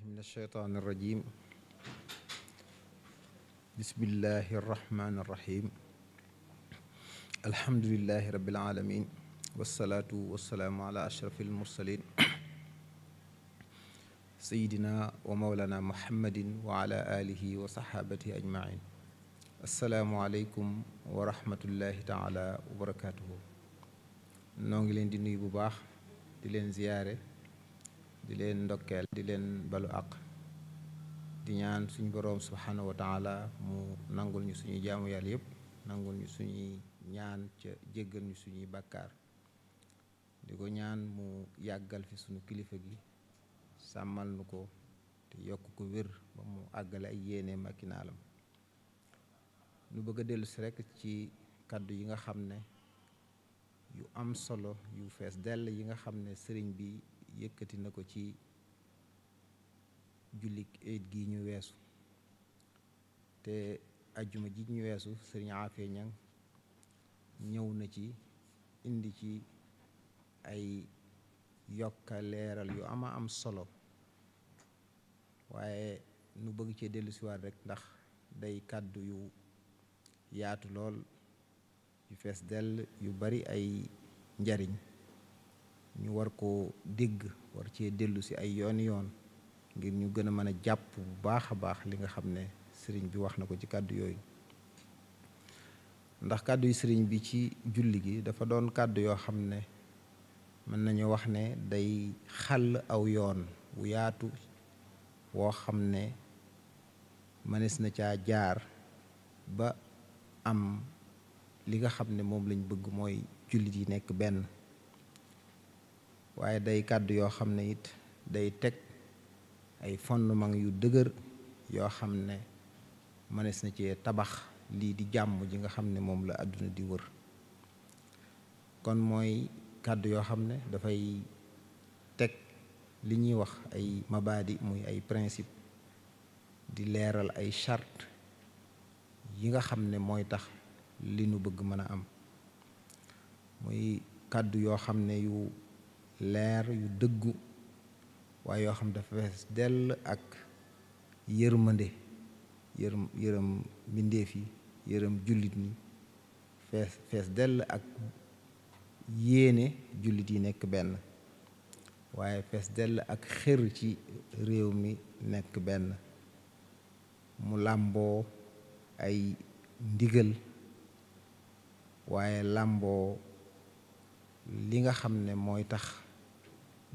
billahi min alsheytaan irrajim bismillahi arrahmani irrahim alhamdulilahi rabbil alamin wasalaatu wasalaamu ala ashrafi almursalin sayidina wa mawlana muhammadin wa ala alihi wa saxaabatihi ajmain asalaamu aleykum wa rahmatullahi taala wa barakatuhu noo ngi leen di nuyu bu baax di leen ziyaare di leen ndokkeel di leen balu àq di ñaan suñu boroom subhaanahu wa taala mu nangul ñu suñuy jaamu yàlla yëpp nangul ñu suñuy ñaan ca jéggal ñu suñuy bàkkaar di ko ñaan mu yàggal fi suñu kilifa gi sàmmal nu ko te yokk ko wér ba mu àggale ay yéeneem ak nu bëgg a dellusi rekk ci kàddu yi nga xam ne yu am solo yu fees dell yi nga xam ne sëriñ bi yëkkati na ko ci jullik eid gi ñu weesu te ajjuma ji ñu weesu sëriñ Afe ñëw na ci indi ci ay yokka leeral yu ama am solo waaye nu bëgg cee dellu rek ndax day kàddu yu yaatu lool yu fees dell yu bari ay njariñ ñu war koo dégg war cee dellu si ay yoon yoon ngir ñu gën a mën a jàpp bu baax a baax li nga xam ne sëriñ bi wax na ko ci kàddu yooyu ndax kàddu yu sëriñ bi ci julli gi dafa doon kàddu yoo xam ne mën nañu wax ne day xàll aw yoon wu yaatu woo xam ne mënees na caa jaar ba am li nga xam ne moom lañ bëgg mooy jullit yi nekk benn waaye day kàddu yoo xam ne it day teg ay fondement yu dëgër yoo xam ne mënees na cee tabax lii di jàmm ji nga xam ne moom la àdduna di wër kon mooy kàddu yoo xam ne dafay teg li ñuy wax ay mabaadi muy ay principe di leeral ay charte yi nga xam ne mooy tax li nu bëgg mën a am muy kàddu yoo xam ne yu leer yu dëggu waaye yoo xam dafa fees dell ak yërmande yërëm yërëm mbindeef yi yërëm jullit ñi fees fees dell ak yéene jullit yi nekk benn waaye fees dell ak xër ci réew mi nekk benn mu làmboo ay ndigal waaye làmboo li nga xam ne mooy tax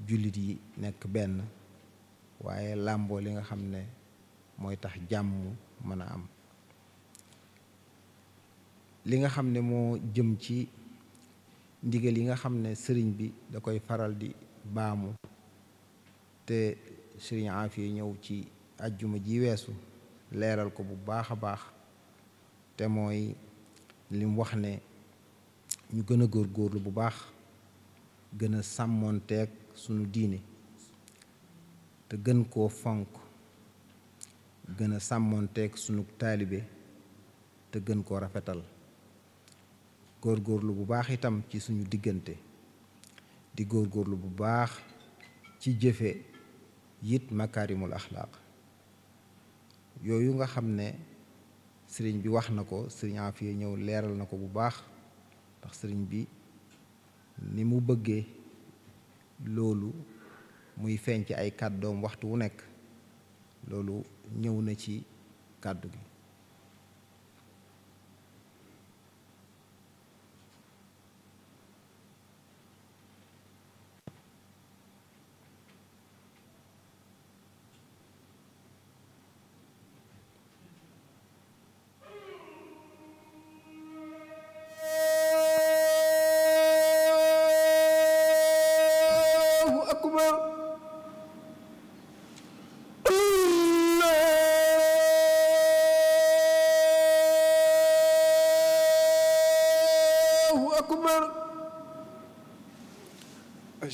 jullit yi nekk benn waaye làmboo li nga xam ne mooy tax jàmm mën a am li nga xam ne moo jëm ci ndigal yi nga xam ne sëriñ bi da koy faral di baamu te sëriñ Afiya ñëw ci ajjuma ji weesu leeral ko bu baax a baax te mooy lim wax ne ñu gën a góorgóorlu bu baax gën a sàmmoonteeg sunu diine te gën koo fonk gën a sàmmoonteeg sunu taalibe te gën koo rafetal góorgóorlu bu baax itam ci suñu diggante di góor góorlu bu baax ci jëfe yit makaarimul axlaaq yooyu nga xam ne sëriñ bi wax na ko sëriñ Afiya ñëw leeral na ko bu baax ndax sëriñ bi ni mu bëggee loolu muy feeñ ci ay kàddoom waxtu wu nekk loolu ñëw na ci kàddu gi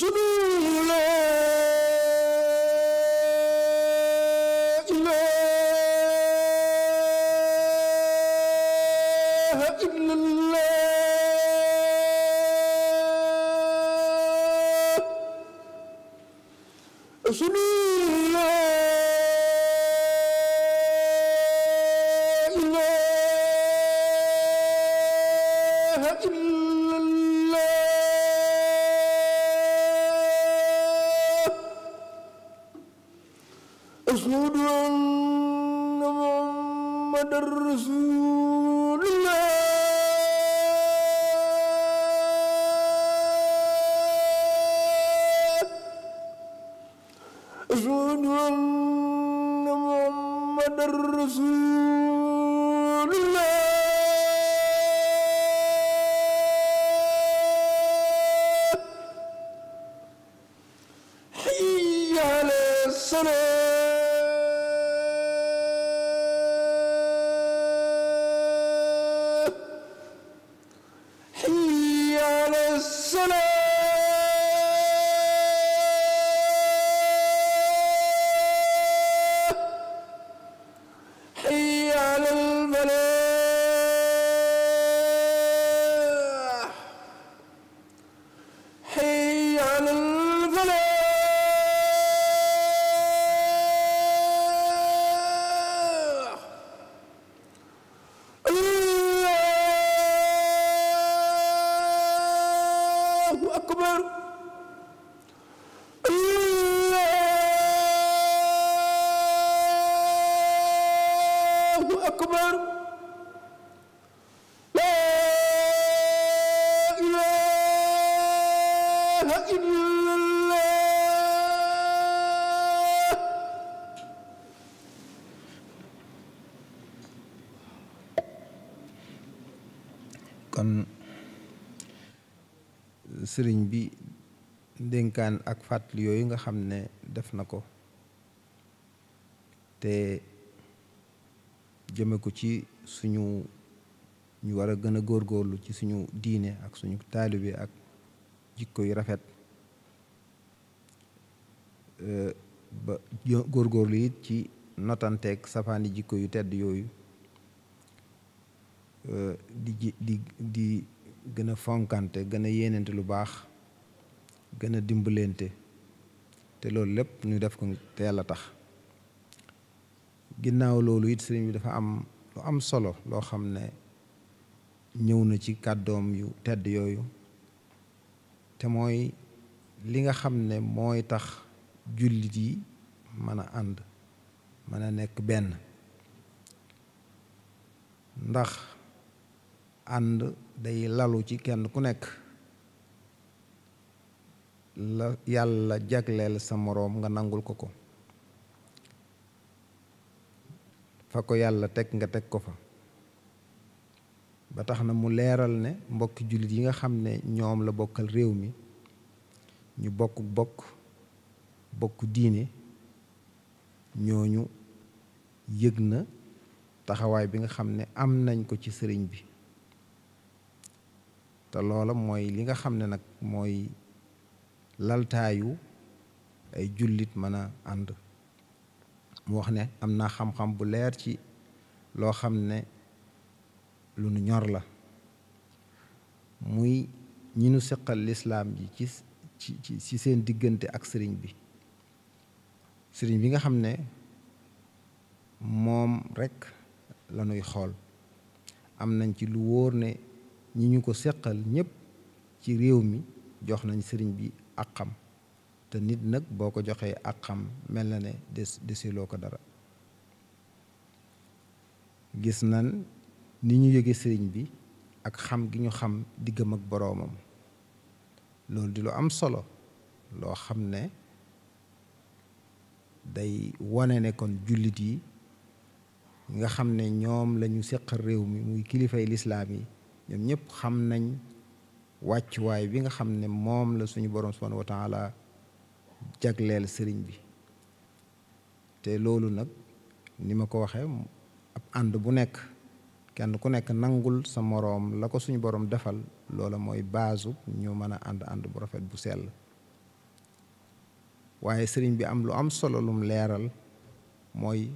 Sunu sëriñ bi ndénkaan ak fàttali yooyu nga xam ne def na ko te jëme ko ci suñu ñu war a gën a góor góorlu ci suñu diine ak suñu taalibe ak jikko yu rafet eh, ba góorgóorlu it ci notanteeg safaani jikko yu tedd yooyu eh, di di di gën a fonkante gën a yéenante lu baax gën a dimbalante te loolu lépp ñu def ko te yàlla tax ginnaaw loolu it sëriñ bi dafa am lu am solo loo xam ne ñëw na ci kàddoom yu tedd yooyu te mooy li nga xam ne mooy tax jullit yi mën a ànd mën a nekk benn ndax ànd day lalu ci kenn ku nekk la yàlla jagleel sa moroom nga nangul ko ko fa ko yàlla teg nga teg ko fa ba tax na mu leeral ne mbokki jullit yi nga xam ne ñoom la bokkal réew mi ñu bokk bokk bokk diine ñooñu yëg na taxawaay bi nga xam ne am nañ ko ci sëriñ bi te loola mooy li nga xam ne nag mooy laltaayu ay jullit mën a ànd mu wax ne am naa xam-xam bu leer ci loo xam ne lu nu ñor la muy ñi nu seqal lislaam ji ci ci ci seen diggante ak sëriñ bi sëriñ bi nga xam ne moom rekk la nuy xool am nañ ci lu wóor ne ñi ñu ko seqal ñépp ci réew mi jox nañ sëriñ bi ak xam te nit nag boo ko joxee ak xam mel na ne des desiloo ko dara gis nan ni ñu yëge sëriñ bi ak xam gi ñu xam diggam ak boroomam loolu di lu am solo loo xam ne day wane ne kon jullit yi nga xam ne ñoom lañu seqal réew mi muy kilifay lislaam yi ñoom ñëpp xam nañ wàccuwaay bi nga xam ne moom la suñu borom subhanahu wa taala jagleel sëriñ bi te loolu nag ni ma ko waxee ab ànd bu nekk kenn ku nekk nangul sa moroom la ko suñu boroom defal loola mooy baasu ñu mën a ànd ànd bu rafet bu sell waaye sëriñ bi am lu am solo lum leeral mooy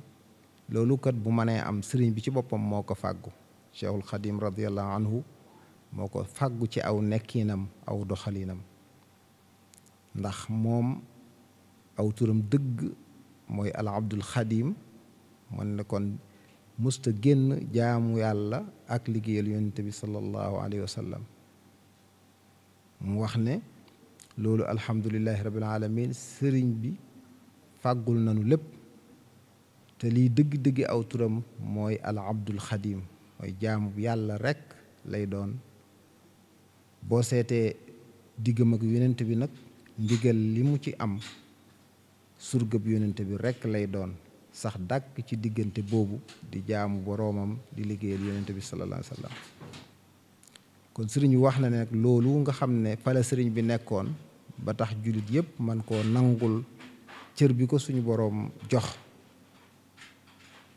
loolu kat bu mënee am sëriñ bi ci boppam moo ko fàggu cheikhul xadim radiallahu anhu moo ko fàggu ci aw nekkinam aw doxalinam ndax moom aw turam dëgg mooy al abdul xadim mën ne kon musta génn jaamu yàlla ak liggéeyal yonent bi sallallahu alayhi wa mu wax ne loolu alhamdulilahi rabbil alamin sëriñ bi fàggul nanu lépp te lii dëgg-dëgg aw turam mooy al abdul xadim mooy jaamu yàlla rekk lay doon boo seetee diggam ak yonent bi nag ndigal li mu ci am surgab yonent bi rekk lay doon sax dàkk ci diggante boobu di jaamu boroomam di liggéeyal yonent bi sallallahu alayhi wa sallam kon sëriñ wax na ne nag loolu nga xam ne fala sëriñ bi nekkoon ba tax jullit yépp man koo nangul cër bi ko suñu boroom jox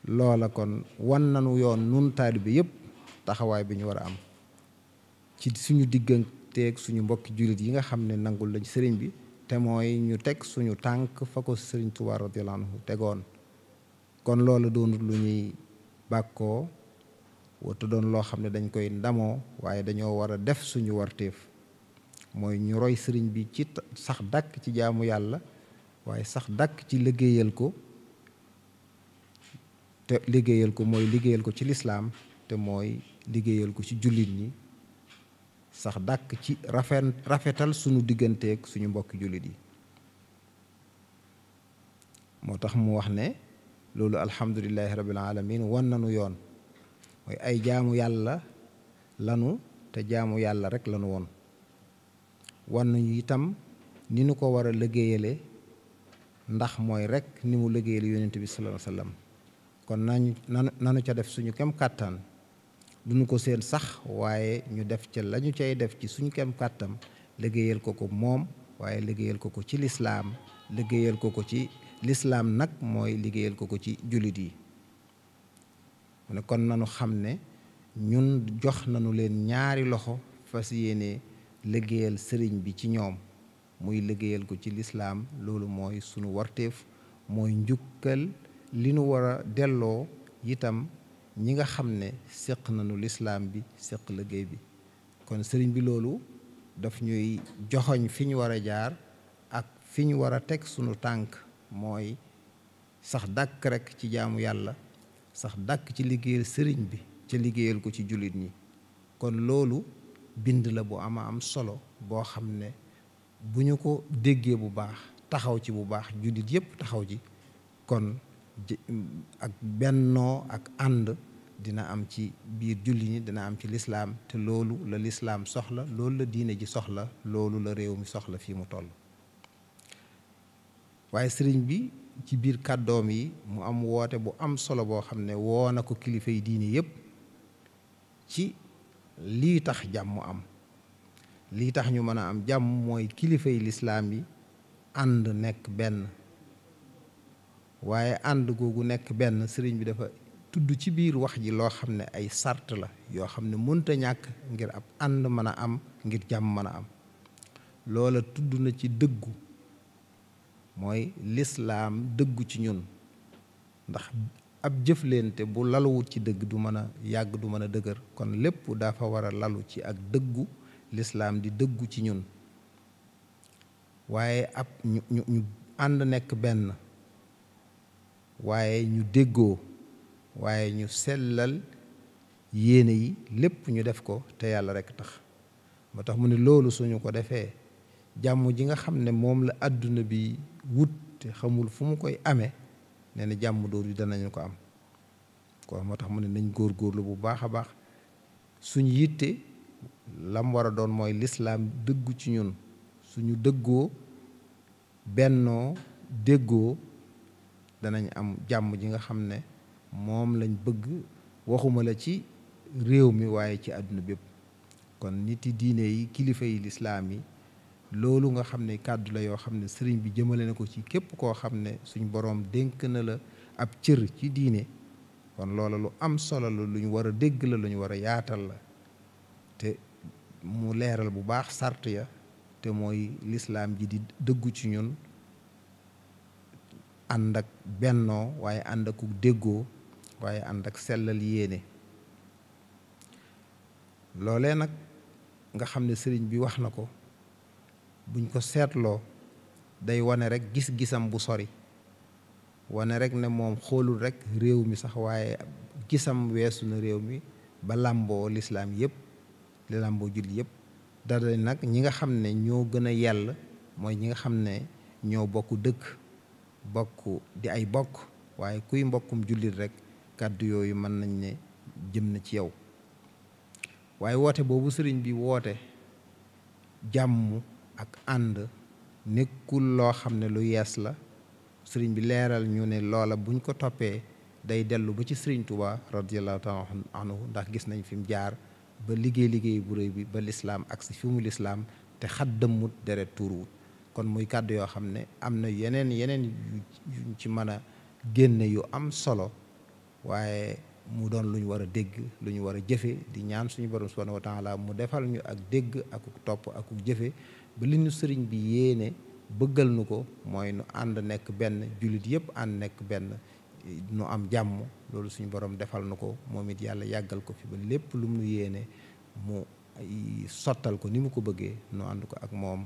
loola kon wan nanu yoon nun taalibe yëpp taxawaay bi ñu war a am ci suñu digganteeg suñu mbokki jullit yi nga xam ne nangul lañ sëriñ bi te mooy ñu teg suñu tànk fa ko sëriñ Tuubaa radiyallaahu tegoon kon loola doonut lu ñuy bàkkoo wata doon loo xam ne dañ koy ndamoo waaye dañoo war a def suñu warteef mooy ñu roy sëriñ bi ci sax dàkk ci jaamu yàlla waaye sax dàkk ci liggéeyal ko te liggéeyal ko mooy liggéeyal ko ci lislaam te mooy liggéeyal ko ci jullit yi sax dàkk ci rafet rafetal sunu digganteeg suñu mbokki jullit yi moo tax mu wax ne loolu alhamdulilahi rabbil alamin wan nanu yoon mooy ay jaamu yàlla lanu te jaamu yàlla rek lanu woon wan nañu itam ni nu ko war a liggéeyale ndax mooy rek ni mu liggéeyale yonent bi sallallahu alayhi kon nañu nanu ca def suñu kem kàttan duñu ko seen sax waaye ñu def ca lañu cay def ci suñu kem kàttan liggéeyal ko ko moom waaye liggéeyal ko ko ci lislaam liggéeyal ko ko ci lislaam nag mooy liggéeyal ko ko ci jullit yi mu ne kon nanu xam ne ñun jox nanu leen ñaari loxo fas yéene liggéeyal sëriñ bi ci ñoom muy liggéeyal ko ci lislaam loolu mooy sunu warteef mooy njukkal li nu war a delloo itam ñi nga xam ne séq nañu lislaam bi séq liggéey bi kon sëriñ bi loolu daf ñuy joxoñ fi ñu war a jaar ak fi ñu war a teg sunu tànk mooy sax dàkk rek ci jaamu yàlla sax dàkk ci liggéeyal sëriñ bi ca liggéeyal ko ci jullit ñi kon loolu bind la bu ama am solo boo xam ne bu ñu ko déggee bu baax taxaw ci bu baax jullit yépp taxaw ci kon ak bennoo ak ànd dina am ci biir julli ñi dina am ci lislaam te loolu la lislaam soxla loolu la diine ji soxla loolu la réew mi soxla fii mu toll waaye sëriñ bi ci biir kàddoom yi mu am woote bu am solo boo xam ne woo ko kilifa yi diine yépp ci lii tax jàmm am lii tax ñu mën a am jàmm mooy kilifa yi lislaam yi ànd nekk benn waaye ànd googu nekk benn sëriñ bi dafa tudd ci biir wax ji loo xam ne ay sart la yoo xam ne mënta ñàkk ngir ab ànd mën a am ngir jàmm mën a am loola tudd na ci dëggu mooy lislaam dëggu ci ñun ndax ab jëflente bu laluwut ci dëgg du mën a yàgg du mën a dëgër kon lépp dafa wara lalu ci ak dëggu lislaam di dëggu ci ñun waaye ab ñu ñu ànd nekk benn waaye ñu déggoo waaye ñu sellal yéene yi lépp ñu def ko te yàlla rekk tax moo tax mu ne loolu suñu ko defee jàmm ji nga xam ne moom la àdduna bi wut te xamul fu mu koy amee nee na jàmm dóor yi nañu ko am kon moo tax mu ne nañ góor góorlu bu baax a baax suñu yitte lam war a doon mooy lislaam dëggu ci ñun suñu dëggoo bennoo déggoo danañ am jàmm ji nga xam ne moom lañ bëgg waxuma la ci réew mi waaye ci àdduna bépp kon nit yi diine yi kilifa yi lislaam yi loolu nga xam ne kàddu la yoo xam ne sëriñ bi jëmale ne ko ci képp koo xam ne suñ boroom dénk na la ab cër ci diine kon loola lu am solo luñu lu war a dégg la lu ñu war a yaatal la te mu leeral bu baax sart ya te mooy lislaam ji di dëggu ci ñun ànd ak bennoo waaye ànd ak déggoo waaye ànd ak sellal yéene loolee nag nga xam ne sëriñ bi wax na ko buñ ko seetloo day wane rek gis-gisam bu sori wane rek ne moom xoolul rekk réew mi sax waaye gisam weesu na réew mi ba làmboo lislaam yëpp li làmboo jul yëpp dara nag ñi nga xam ne ñoo gën a yell mooy ñi nga xam ne ñoo bokk dëkk bokk di ay bokk waaye kuy mbokkum jullit rek kàddu yooyu mën nañ ne jëm na ci yow waaye woote boobu sëriñ bi woote jàmm ak ànd nekkul loo xam ne lu yees la sëriñ bi leeral ñu ne loola buñ ko toppee day dellu ba ci sëriñ Tuubaa radiyallaahu taala anhu ndax gis nañ fi mu jaar ba liggéey liggéey bu réy bi ba lislaam ak si fi lislaam te xat dëmmut deret tuuruwut kon muy kàddu yoo xam ne am na yeneen yeneen yu ci mën a génne yu am solo waaye mu doon lu ñu war a dégg lu ñu war a jëfe di ñaan suñu borom subhanahu wa taala mu defal ñu ak dégg ak topp ak jëfe ba li ñu sëriñ bi yéene bëggal nu ko mooy nu ànd nekk benn jullit yëpp ànd nekk benn nu am jàmm loolu suñu borom defal nu ko moom it yàlla yàggal ko fi ba lépp lu mu yéene mu sottal ko ni mu ko bëggee nu ànd ko ak moom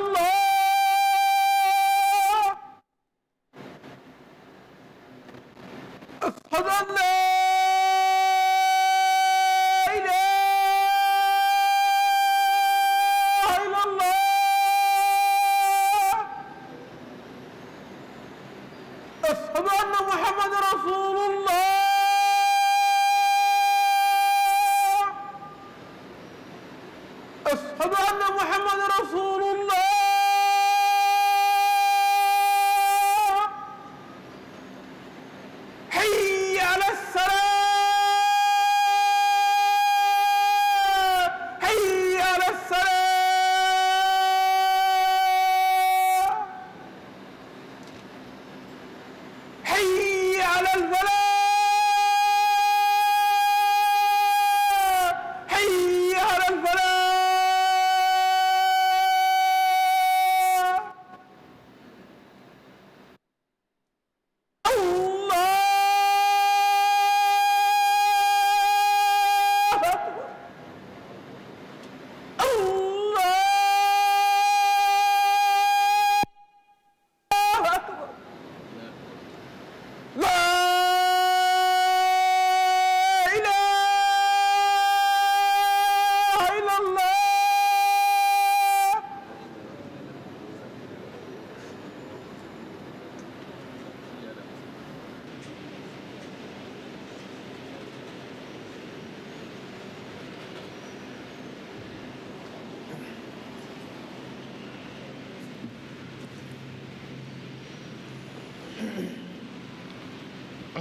Allah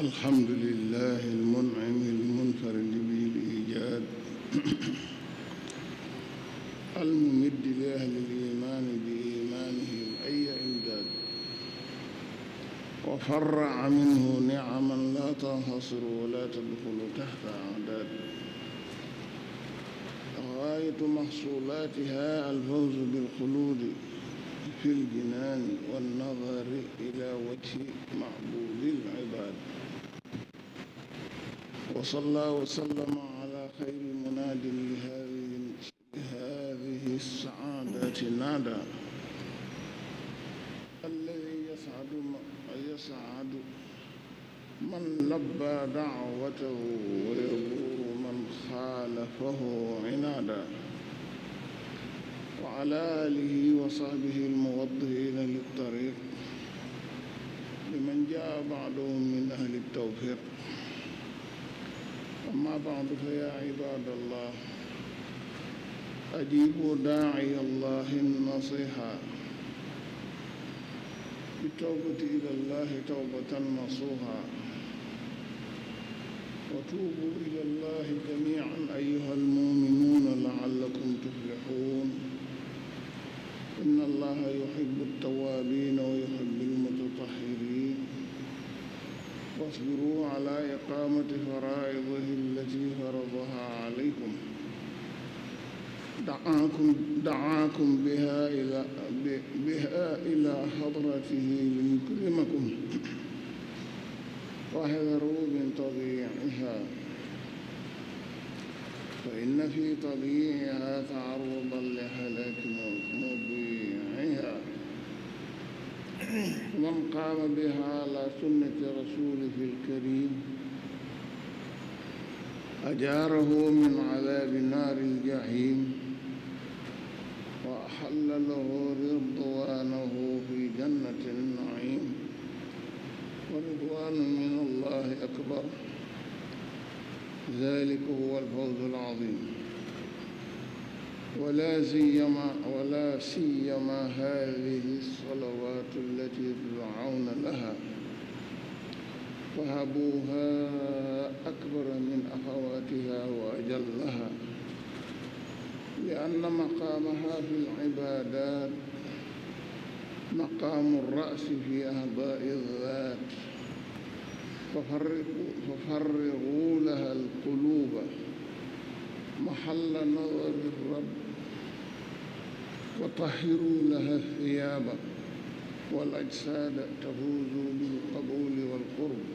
الحمد لله المنعم المنفرد به الإيجاد الممد لأهل الإيمان بإيمانهم أي إمداد وفرع منه نعما لا تنحصر ولا تدخل تحت أعداد غاية محصولاتها الفوز بالخلود في الجنان والنظر إلى وجه معبود العباد وصلى وسلم على خير مناد لهذه السعادة نادى الذي يسعد يسعد من لبى دعوته ويبور من خالفه عنادا وعلى آله وصحبه الموضحين للطريق لمن جاء بعدهم من أهل التوفيق أما بعد فيا عباد الله أجيبوا داعي الله النصيحة بالتوبة إلى الله توبة نصوحا وتوبوا إلى الله جميعا أيها المؤمنون لعلكم تفلحون إن الله يحب التوابين ويحب واصبروا على إقامة فرائضه التي فرضها عليكم دعاكم دعاكم بها إلى بها إلى حضرته ليكرمكم واحذروا من تضييعها فإن في تضييعها تعرضا لهلاك مضيعها من قام بها على سنة رسوله الكريم أجاره من عذاب نار الجحيم وأحل له رضوانه في جنة النعيم ورضوان من الله أكبر ذلك هو الفوز العظيم ولا سيما ولا سيما هذه الصلوات التي تدعون لها وهبوها أكبر من أخواتها وأجلها لأن مقامها في العبادات مقام الرأس في أعضاء الذات ففرغوا لها القلوب محل نظر الرب وطهروا لها الثياب والأجساد تفوز بالقبول والقرب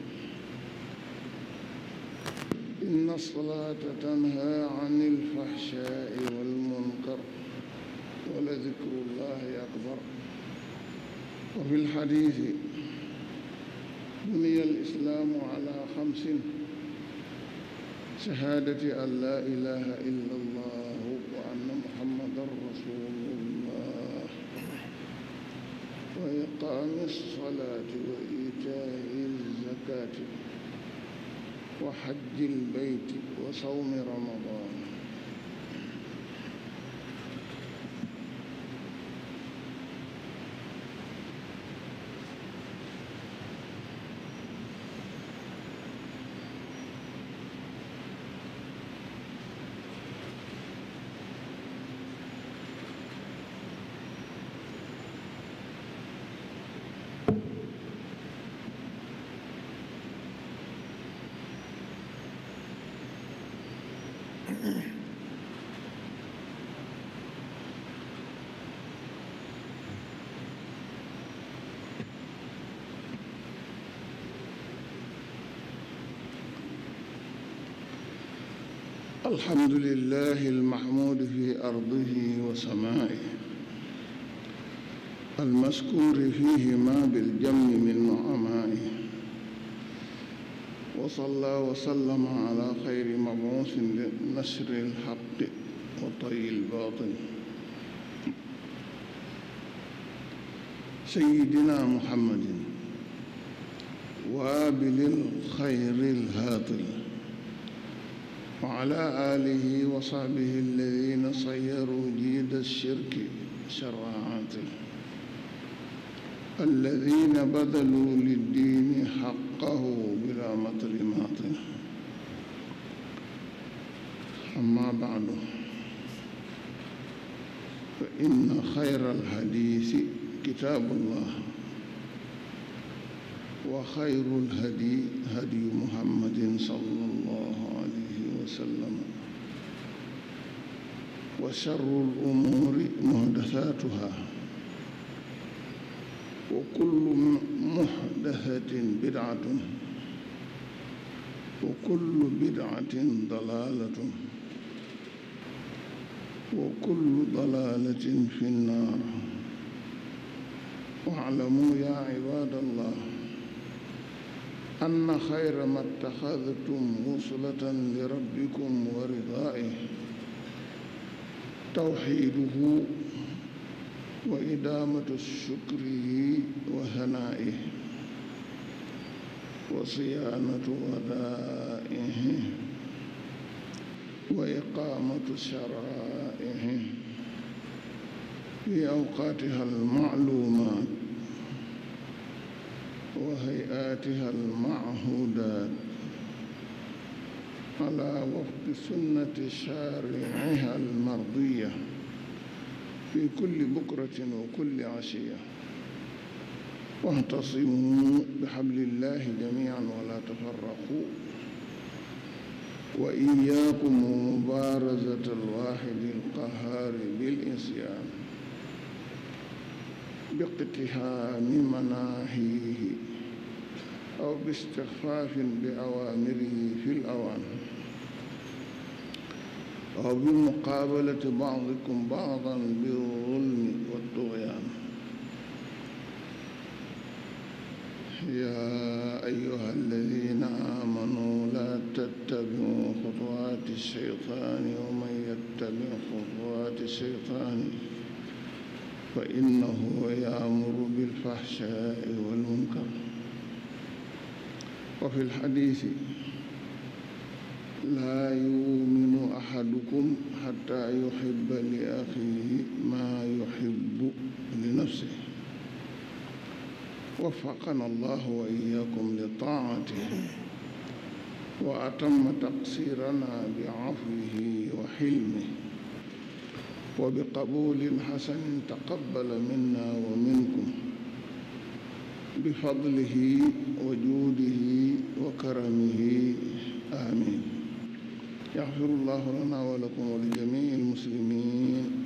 إن الصلاة تنهى عن الفحشاء والمنكر ولذكر الله أكبر وفي الحديث بني الإسلام على خمس shahaadati an laa ilaha illa allah wa anna muhammadan rasulullah wa iqaami alsalaati wa iitaa'i alzakaati wa hajji albayti wa sawmi ramadan الحمد لله المحمود في أرضه وسمائه المشكور فيهما بالجم من نعمائه وصلى وسلم على خير مبعوث لنشر الحق وطي الباطل سيدنا محمد وابل الخير الهاطل وعلى آله وصحبه الذين صيروا جيد الشرك شرعاته الذين بذلوا للدين حقه بلا مطرمات أما بعد فإن خير الحديث كتاب الله وخير الهدي هدي محمد صلى الله عليه وسلم وشر الأمور محدثاتها وكل محدثة بدعة وكل بدعة ضلالة وكل ضلالة في النار واعلموا يا عباد الله أن خير ما اتخذتم وصلة لربكم ورضائه توحيده وإدامة شكره وهنائه وصيانة ودائه وإقامة شرائعه في أوقاتها المعلومات وهيئاتها المعهودات على وفق سنة شارعها المرضية في كل بكرة وكل عشية واعتصموا بحبل الله جميعا ولا تفرقوا وإياكم ومبارزة الواحد القهار بالإنسيان باقتحام مناهيه أو باستخفاف بأوامره في الأوان أو بمقابلة بعضكم بعضا بالظلم والطغيان يا أيها الذين آمنوا لا تتبعوا خطوات الشيطان ومن يتبع خطوات الشيطان فإنه يأمر بالفحشاء والمنكر وفي الحديث لا يؤمن أحدكم حتى يحب لأخيه ما يحب لنفسه وفقنا الله وإياكم لطاعته وأتم تقصيرنا بعفوه وحلمه وبقبول حسن تقبل منا ومنكم بفضله وجوده وكرمه آمين يغفر الله لنا ولكم ولجميع المسلمين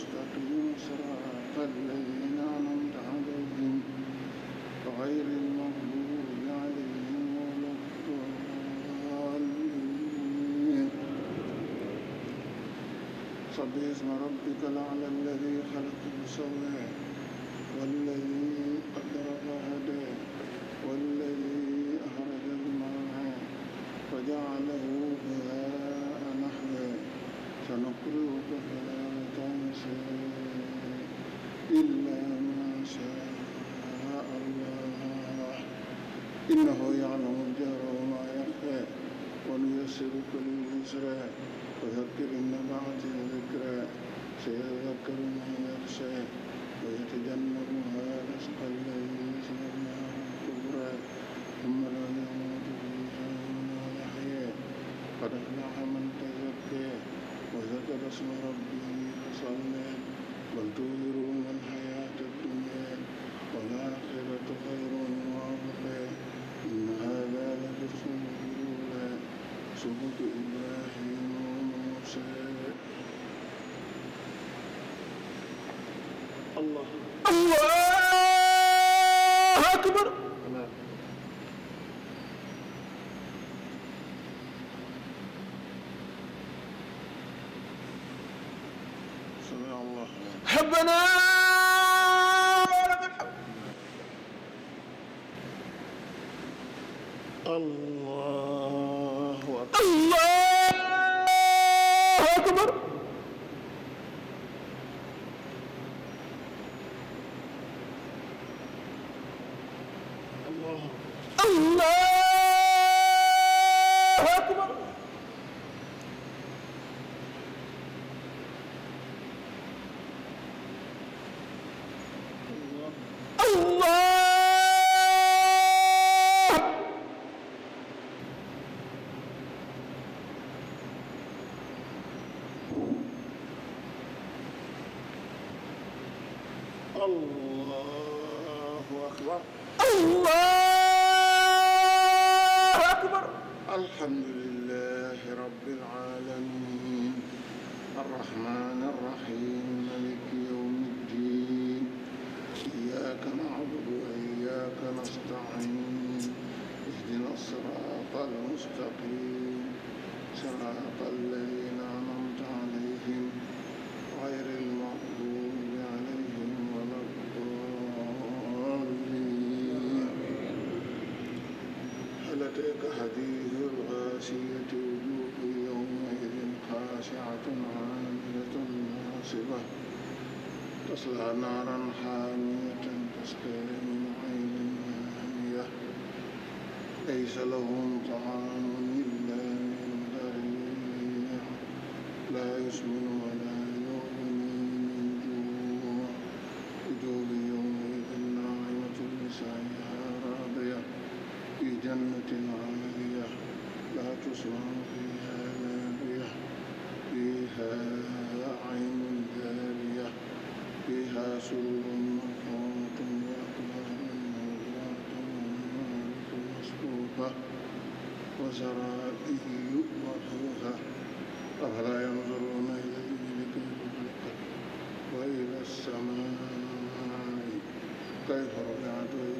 المستقيم صراط الذين أنعمت عليهم غير المغضوب عليهم ولا الضالين صب اسم ربك الأعلى الذي خلق فسوى والذي قدر فهدى والذي أخرج المرعى فجعله غاء نحوه سنقرئك فلا شاء إلا ما شاء الله إنه يعلم الجهر وما يخفى ونيسرك لليسرى وذكر إن بعد ذكرى سيذكر من يخشى ويتجنبها الأشقى الذي يصلى الكبرى ثم لا يموت فيها ولا يحيى قد أفلح من تزكى وذكر اسم ربه صلى وتؤثر من حياة الدنيا والآخرة خير وأبقى إن هذا لفي الصحف الأولى صحف إبراهيم وموسى الله الله أكبر حبنا ولك الحمد الله كحديث الغاشية وجوه يومئذ خاشعة عاملة ناصبة تصلى نارا حامية تسقى من عين آنية ليس لهم طعام إلا من ضريع لا يسمن ولا جارية فيها عين جارية فيها سرور مرفوعة وأكواب موضوعة ومعارف مسلوبة وزرائب مبثوثة أفلا ينظرون إلى الإبل كيف خلقت وإلى السماء كيف رفعت